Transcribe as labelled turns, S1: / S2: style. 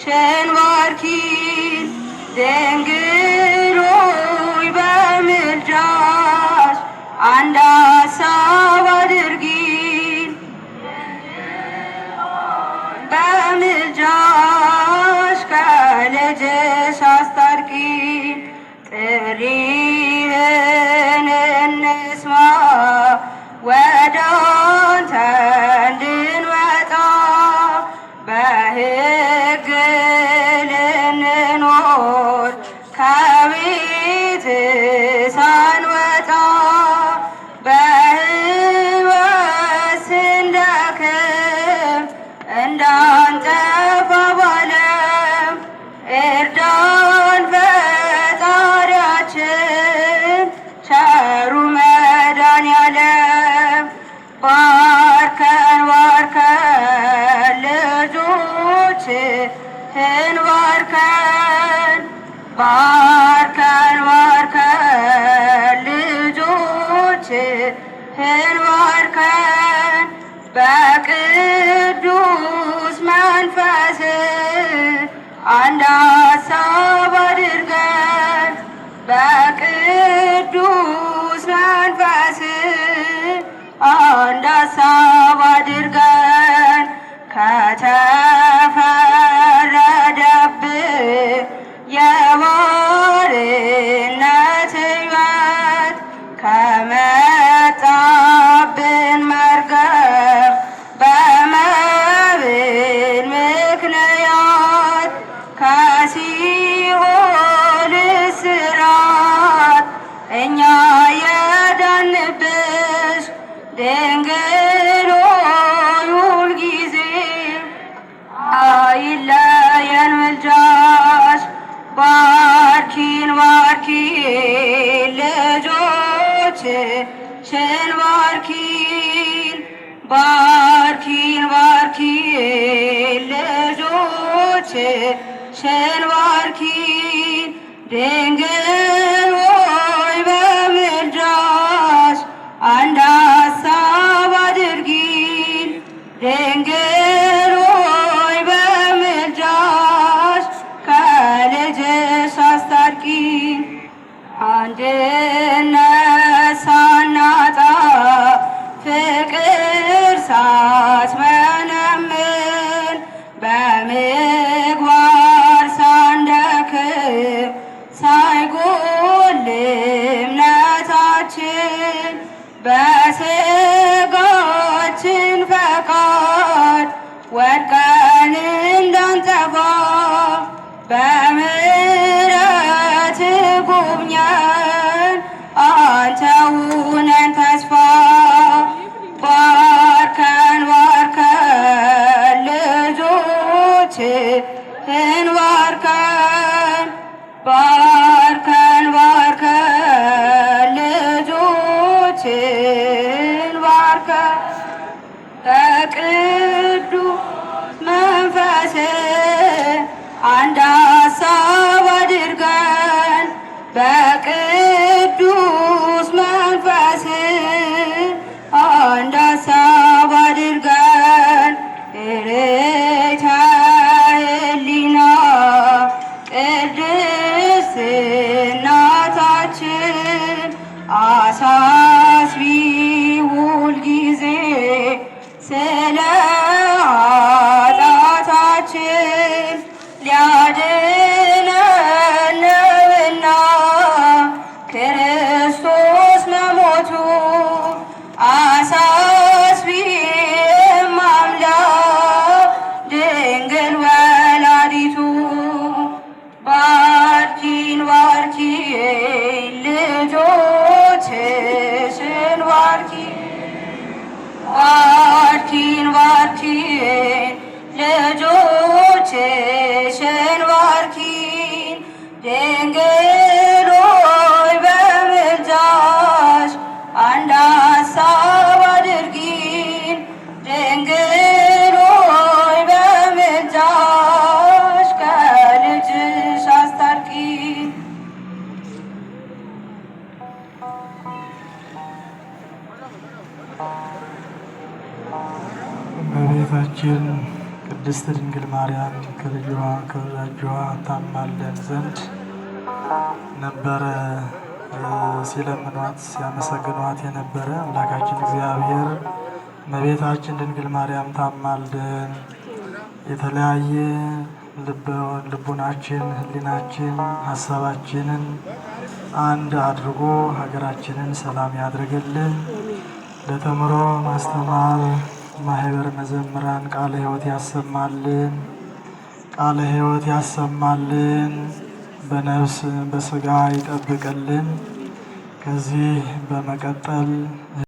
S1: ሸንባርኪን ድንግል ሆይ በምልጃሽ አንድ Sen varken, varken, varken Lücuçi Sen varken በቅዱስ መንፈስ አንድ ሀሳብ አድርገን በቅዱስ መንፈስ አንድ ሀሳብ አድርገን መሲኦል ስራት እኛ የዳንብሽ ድንግል ሆይ ሁልጊዜ አይለየን ምልጃሽ። ባርኪን ባርኪን ልጆችሽን ባርኪን ባርኪን ባርኪን ልጆች Şer var ki እምነታችን በስጋችን ፈቃድ ወድቀን እንዳንጠፋ በምሕረት ጎብኘን አንተውነን ተስፋ ባርከን ባርከን ልጆች በቅዱስ መንፈስ አንድ ሀሳብ አድርገን எங்கள் வலாதிசூ ባርኪን ባርኪ ልጆችሽን ባርኪ ባርኪን ባርኪ ልጆችሽን ባርኪ ድንግል
S2: እመቤታችን ቅድስት ድንግል ማርያም ከልጇ ከወዳጇ ታማለን ዘንድ ነበረ ሲለምኗት ሲያመሰግኗት የነበረ አምላካችን እግዚአብሔር እመቤታችን ድንግል ማርያም ታማልደን የተለያየ ልቡናችን፣ ሕሊናችን፣ ሀሳባችንን አንድ አድርጎ ሀገራችንን ሰላም ያድርግልን። ለተምሮ ማስተማር ማህበር መዘምራን ቃለ ሕይወት ያሰማልን፣ ቃለ ሕይወት ያሰማልን፣ በነፍስ በስጋ ይጠብቅልን። ከዚህ በመቀጠል